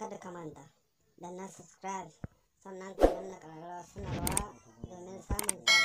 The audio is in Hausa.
kada ka manta da na subscribe sannan ka danna ƙararrawa sanarwa domin samun